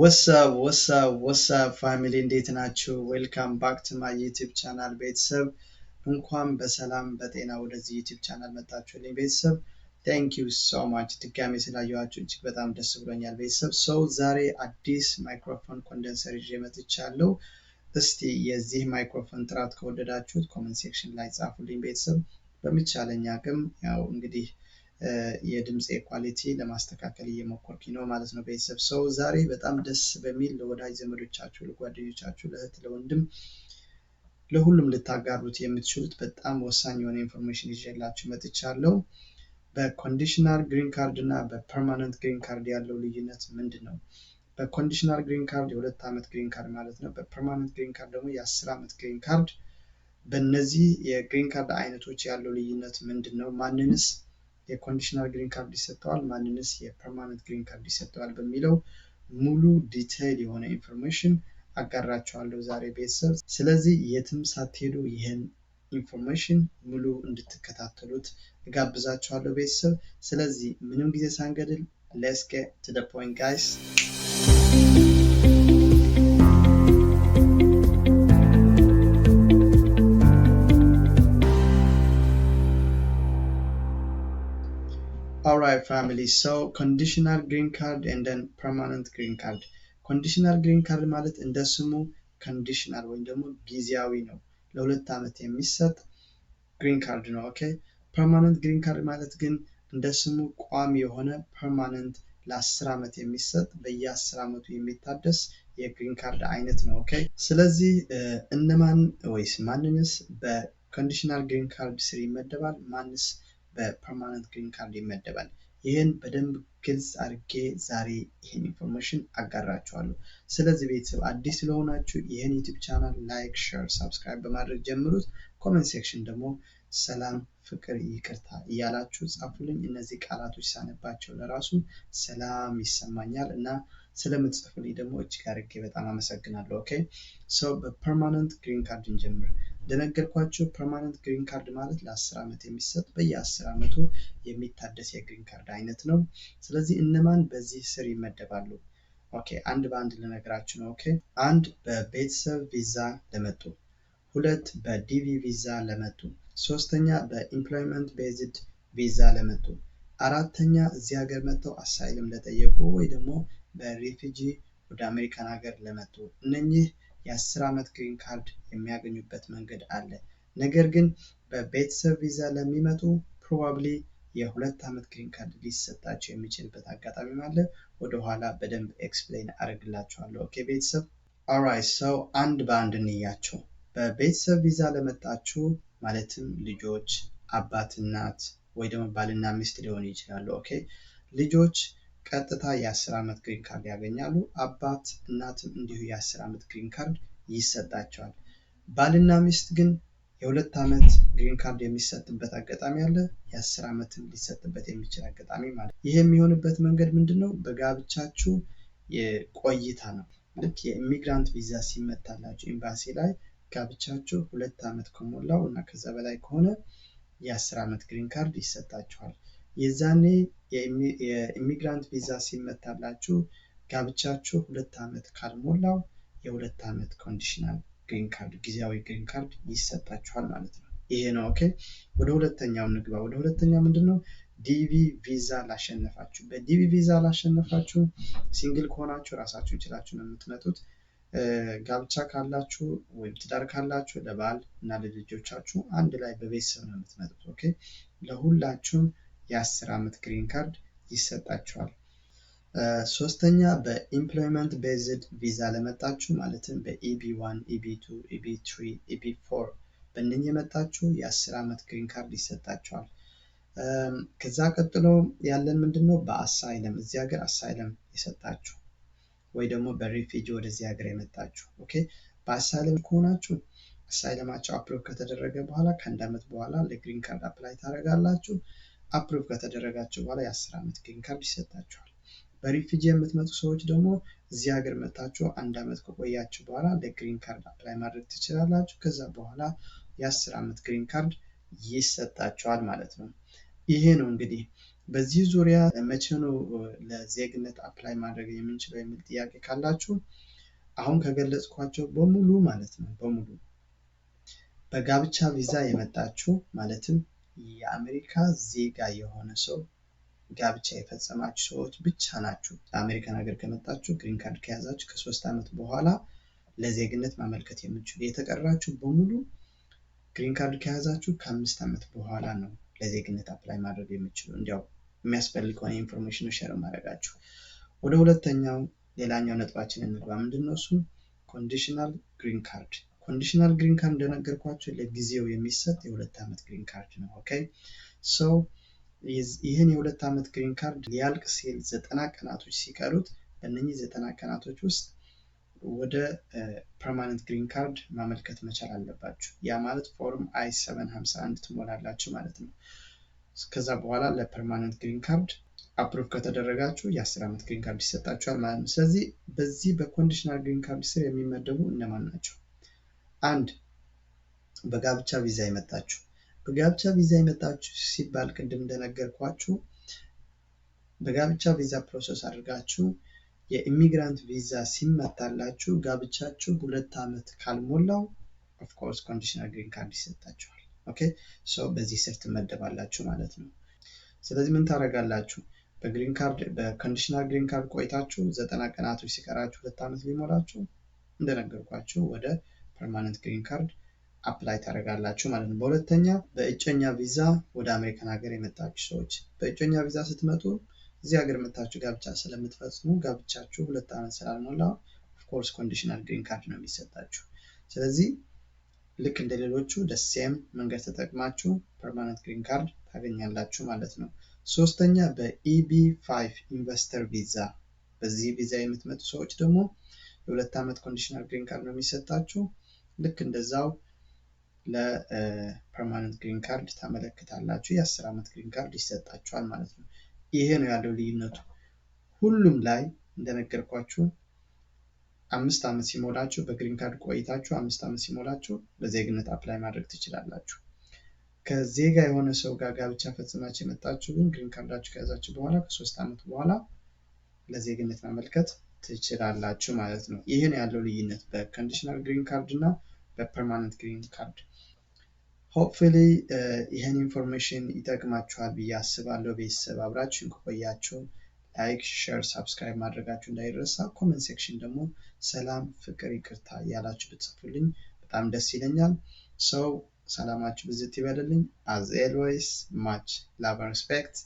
ወሳብ ወሳብ ወሳብ ፋሚሊ እንዴት ናችሁ? ዌልካም ባክ ቱ ማይ ዩቲዩብ ቻናል ቤተሰብ እንኳን በሰላም በጤና ወደዚህ ዩቲዩብ ቻናል መጣችሁልኝ ቤተሰብ ቴንክ ዩ ሶ ማች ድጋሜ ስላየኋችሁ እጅግ በጣም ደስ ብሎኛል ቤተሰብ። ሰው ዛሬ አዲስ ማይክሮፎን ኮንደንሰር ይዤ መጥቻለሁ። እስቲ የዚህ ማይክሮፎን ጥራት ከወደዳችሁት ኮመንት ሴክሽን ላይ ጻፉልኝ ቤተሰብ። በሚቻለኝ አቅም ያው እንግዲህ የድምፅ ኳሊቲ ለማስተካከል እየሞከርኩኝ ነው ማለት ነው። ቤተሰብ ሰው ዛሬ በጣም ደስ በሚል ለወዳጅ ዘመዶቻችሁ፣ ለጓደኞቻችሁ፣ ለእህት ለወንድም ለሁሉም ልታጋሩት የምትችሉት በጣም ወሳኝ የሆነ ኢንፎርሜሽን ይዤላችሁ መጥቻለሁ። በኮንዲሽናል ግሪን ካርድ እና በፐርማነንት ግሪን ካርድ ያለው ልዩነት ምንድን ነው? በኮንዲሽናል ግሪን ካርድ የሁለት ዓመት ግሪን ካርድ ማለት ነው። በፐርማነንት ግሪን ካርድ ደግሞ የአስር ዓመት ግሪን ካርድ። በእነዚህ የግሪን ካርድ አይነቶች ያለው ልዩነት ምንድን ነው? ማንንስ የኮንዲሽናል ግሪን ካርድ ይሰጠዋል፣ ማንንስ የፐርማነንት ግሪን ካርድ ይሰጠዋል በሚለው ሙሉ ዲቴይል የሆነ ኢንፎርሜሽን አጋራቸዋለሁ ዛሬ ቤተሰብ። ስለዚህ የትም ሳትሄዱ ይህን ኢንፎርሜሽን ሙሉ እንድትከታተሉት እጋብዛቸዋለሁ ቤተሰብ። ስለዚህ ምንም ጊዜ ሳንገድል ሌስ ጌት ቱ ፖይንት ጋይስ። Alright, ፋሚሊ ሶ ኮንዲሽናል ግሪን ካርድ እንደን ፐርማነንት ግሪን ካርድ። ኮንዲሽናል ግሪን ካርድ ማለት እንደ ስሙ ኮንዲሽናል ወይም ደግሞ ጊዜያዊ ነው፣ ለሁለት ዓመት የሚሰጥ ግሪን ካርድ ነው። ኦኬ ፐርማነንት ግሪን ካርድ ማለት ግን እንደ ስሙ ቋሚ የሆነ ፐርማነንት ለአስር ዓመት የሚሰጥ በየአስር ዓመቱ የሚታደስ የግሪን ካርድ አይነት ነው። ኦኬ ስለዚህ እነማን ወይስ ማንንስ በኮንዲሽናል ግሪን ካርድ ስር ይመደባል? ማንስ በፐርማነንት ግሪን ካርድ ይመደባል። ይህን በደንብ ግልጽ አድርጌ ዛሬ ይህን ኢንፎርሜሽን አጋራችኋለሁ። ስለዚህ ቤተሰብ አዲስ ስለሆናችሁ ይህን ዩቲዩብ ቻናል ላይክ፣ ሸር፣ ሳብስክራይብ በማድረግ ጀምሩት። ኮመንት ሴክሽን ደግሞ ሰላም፣ ፍቅር፣ ይቅርታ እያላችሁ ጻፉልኝ። እነዚህ ቃላቶች ሳነባቸው ለራሱ ሰላም ይሰማኛል እና ስለምትጽፍልኝ ደግሞ እጅግ አድርጌ በጣም አመሰግናለሁ። ኦኬ ሶ በፐርማነንት ግሪን ካርድ እንጀምር። እንደነገርኳቸው ፐርማነንት ግሪን ካርድ ማለት ለአስር ዓመት የሚሰጥ በየአስር ዓመቱ የሚታደስ የግሪን ካርድ አይነት ነው። ስለዚህ እነማን በዚህ ስር ይመደባሉ? ኦኬ አንድ በአንድ ልነግራችሁ ነው። ኦኬ አንድ በቤተሰብ ቪዛ ለመጡ፣ ሁለት በዲቪ ቪዛ ለመጡ፣ ሶስተኛ በኢምፕሎይመንት ቤዝድ ቪዛ ለመጡ፣ አራተኛ እዚህ ሀገር መጥተው አሳይልም ለጠየቁ ወይ ደግሞ በሪፊጂ ወደ አሜሪካን ሀገር ለመጡ እነኚህ የአስር ዓመት ግሪን ካርድ የሚያገኙበት መንገድ አለ። ነገር ግን በቤተሰብ ቪዛ ለሚመጡ ፕሮባብሊ የሁለት ዓመት ግሪን ካርድ ሊሰጣቸው የሚችልበት አጋጣሚ አለ። ወደኋላ በደንብ ኤክስፕሌን አደርግላቸዋለሁ። ኦኬ ቤተሰብ አራይ ሰው አንድ በአንድ እንያቸው። በቤተሰብ ቪዛ ለመጣችሁ ማለትም ልጆች፣ አባት፣ እናት ወይ ደግሞ ባልና ሚስት ሊሆኑ ይችላሉ። ኦኬ ልጆች ቀጥታ የአስር ዓመት ግሪን ካርድ ያገኛሉ። አባት እናትም እንዲሁ የአስር ዓመት ግሪን ካርድ ይሰጣቸዋል። ባልና ሚስት ግን የሁለት ዓመት ግሪን ካርድ የሚሰጥበት አጋጣሚ አለ። የአስር ዓመትም ሊሰጥበት የሚችል አጋጣሚ ማለት ይህ የሚሆንበት መንገድ ምንድን ነው? በጋብቻችሁ ቆይታ ነው። ልክ የኢሚግራንት ቪዛ ሲመታላችሁ ኤምባሲ ላይ ጋብቻችሁ ሁለት ዓመት ከሞላው እና ከዛ በላይ ከሆነ የአስር ዓመት ግሪን ካርድ ይሰጣችኋል። የዛኔ የኢሚግራንት ቪዛ ሲመታላችሁ ጋብቻችሁ ሁለት ዓመት ካልሞላው የሁለት ዓመት ኮንዲሽናል ግሪን ካርድ ጊዜያዊ ግሪን ካርድ ይሰጣችኋል ማለት ነው። ይሄ ነው ኦኬ። ወደ ሁለተኛው ንግባ። ወደ ሁለተኛው ምንድን ነው? ዲቪ ቪዛ ላሸነፋችሁ። በዲቪ ቪዛ ላሸነፋችሁ ሲንግል ከሆናችሁ ራሳችሁ ይችላችሁ ነው የምትመጡት። ጋብቻ ካላችሁ ወይም ትዳር ካላችሁ ለባል እና ለልጆቻችሁ አንድ ላይ በቤተሰብ ነው የምትመጡት። ኦኬ ለሁላችሁም የአስር ዓመት ግሪን ካርድ ይሰጣቸዋል። ሶስተኛ በኢምፕሎይመንት ቤዝድ ቪዛ ለመጣችሁ ማለትም በኢቢ ዋን፣ ኢቢ ቱ፣ ኢቢ ትሪ፣ ኢቢ ፎር በእነኝህ የመጣችሁ የአስር ዓመት ግሪን ካርድ ይሰጣቸዋል። ከዛ ቀጥሎ ያለን ምንድን ነው? በአሳይለም እዚህ ሀገር አሳይለም የሰጣችሁ ወይ ደግሞ በሪፊጂ ወደዚህ ሀገር የመጣችሁ ኦኬ። በአሳይለም ከሆናችሁ አሳይለማቸው አፕሎድ ከተደረገ በኋላ ከአንድ ዓመት በኋላ ለግሪን ካርድ አፕላይ ታደርጋላችሁ። አፕሩቭ ከተደረጋቸው በኋላ የአስር ዓመት ግሪን ካርድ ይሰጣቸዋል። በሪፊጂ የምትመጡ ሰዎች ደግሞ እዚህ ሀገር መጣችሁ አንድ ዓመት ከቆያችሁ በኋላ ለግሪን ካርድ አፕላይ ማድረግ ትችላላችሁ። ከዛ በኋላ የአስር ዓመት ግሪን ካርድ ይሰጣቸዋል ማለት ነው። ይሄ ነው እንግዲህ በዚህ ዙሪያ መቼ ነው ለዜግነት አፕላይ ማድረግ የምንችለው የሚል ጥያቄ ካላችሁ አሁን ከገለጽኳቸው በሙሉ ማለት ነው በሙሉ በጋብቻ ቪዛ የመጣችሁ ማለትም የአሜሪካ ዜጋ የሆነ ሰው ጋብቻ የፈጸማችሁ ሰዎች ብቻ ናችሁ። አሜሪካን ሀገር ከመጣችሁ ግሪን ካርድ ከያዛችሁ ከሶስት ዓመት በኋላ ለዜግነት ማመልከት የምችሉ፣ የተቀራችሁ በሙሉ ግሪን ካርድ ከያዛችሁ ከአምስት ዓመት በኋላ ነው ለዜግነት አፕላይ ማድረግ የምችሉ። እንዲያው የሚያስፈልግ ከሆነ ኢንፎርሜሽን ሸር ማድረጋችሁ። ወደ ሁለተኛው ሌላኛው ነጥባችን እንግባ። ምንድን ነው ኮንዲሽናል ግሪን ካርድ ኮንዲሽናል ግሪን ካርድ እንደነገርኳቸው ለጊዜው የሚሰጥ የሁለት ዓመት ግሪን ካርድ ነው። ኦኬ ሰው ይህን የሁለት ዓመት ግሪን ካርድ ሊያልቅ ሲል ዘጠና ቀናቶች ሲቀሩት በእነኚህ ዘጠና ቀናቶች ውስጥ ወደ ፐርማነንት ግሪን ካርድ ማመልከት መቻል አለባችሁ። ያ ማለት ፎርም አይ ሰቨን ሀምሳ አንድ ትሞላላችሁ ማለት ነው። ከዛ በኋላ ለፐርማነንት ግሪን ካርድ አፕሮቭ ከተደረጋችሁ የአስር ዓመት ግሪን ካርድ ይሰጣችኋል ማለት ነው። ስለዚህ በዚህ በኮንዲሽናል ግሪን ካርድ ስር የሚመደቡ እነማን ናቸው? አንድ በጋብቻ ቪዛ የመጣችሁ በጋብቻ ቪዛ የመጣችሁ ሲባል ቅድም እንደነገርኳችሁ በጋብቻ ቪዛ ፕሮሰስ አድርጋችሁ የኢሚግራንት ቪዛ ሲመታላችሁ ጋብቻችሁ ሁለት ዓመት ካልሞላው ኦፍኮርስ ኮንዲሽናል ግሪን ካርድ ይሰጣችኋል። ኦኬ ሶ በዚህ ስር ትመደባላችሁ ማለት ነው። ስለዚህ ምን ታደርጋላችሁ? በግሪን ካርድ በኮንዲሽናል ግሪን ካርድ ቆይታችሁ ዘጠና ቀናቶች ሲቀራችሁ ሁለት ዓመት ሊሞላችሁ እንደነገርኳችሁ ወደ ፐርማነንት ግሪን ካርድ አፕላይ ታደርጋላችሁ ማለት ነው። በሁለተኛ በእጮኛ ቪዛ ወደ አሜሪካን ሀገር የመጣችሁ ሰዎች በእጮኛ ቪዛ ስትመጡ እዚህ ሀገር መታችሁ ጋብቻ ስለምትፈጽሙ ጋብቻችሁ ሁለት ዓመት ስላልሞላ ኦፍኮርስ ኮንዲሽናል ግሪን ካርድ ነው የሚሰጣችሁ። ስለዚህ ልክ እንደ ሌሎቹ ደሴም መንገድ ተጠቅማችሁ ፐርማነንት ግሪን ካርድ ታገኛላችሁ ማለት ነው። ሶስተኛ በኢቢ ፋይቭ ኢንቨስተር ቪዛ በዚህ ቪዛ የምትመጡ ሰዎች ደግሞ የሁለት ዓመት ኮንዲሽናል ግሪን ካርድ ነው የሚሰጣችሁ። ልክ እንደዛው ለፐርማነንት ግሪን ካርድ ታመለክታላችሁ። የአስር ዓመት ግሪን ካርድ ይሰጣችኋል ማለት ነው። ይሄ ነው ያለው ልዩነቱ። ሁሉም ላይ እንደነገርኳችሁ አምስት ዓመት ሲሞላችሁ በግሪን ካርድ ቆይታችሁ አምስት ዓመት ሲሞላችሁ ለዜግነት አፕላይ ማድረግ ትችላላችሁ። ከዜጋ የሆነ ሰው ጋር ጋብቻ ፈጽማችሁ የመጣችሁ ግን ግሪን ካርዳችሁ ከያዛችሁ በኋላ ከሶስት ዓመት በኋላ ለዜግነት ማመልከት ትችላላችሁ ማለት ነው። ይህን ያለው ልዩነት በኮንዲሽናል ግሪን ካርድ እና በፐርማነንት ግሪን ካርድ። ሆፕፉሊ ይህን ኢንፎርሜሽን ይጠቅማችኋል ብዬ አስባለሁ። ቤተሰብ አብራችሁን ከቆያችሁ ላይክ፣ ሼር፣ ሳብስክራይብ ማድረጋችሁ እንዳይረሳ። ኮመንት ሴክሽን ደግሞ ሰላም፣ ፍቅር፣ ይቅርታ እያላችሁ ብትጽፉልኝ በጣም ደስ ይለኛል። ሰው ሰላማችሁ ብዝት ይበልልኝ። አዝ ኤልዌይስ ማች ላቭ ሪስፔክት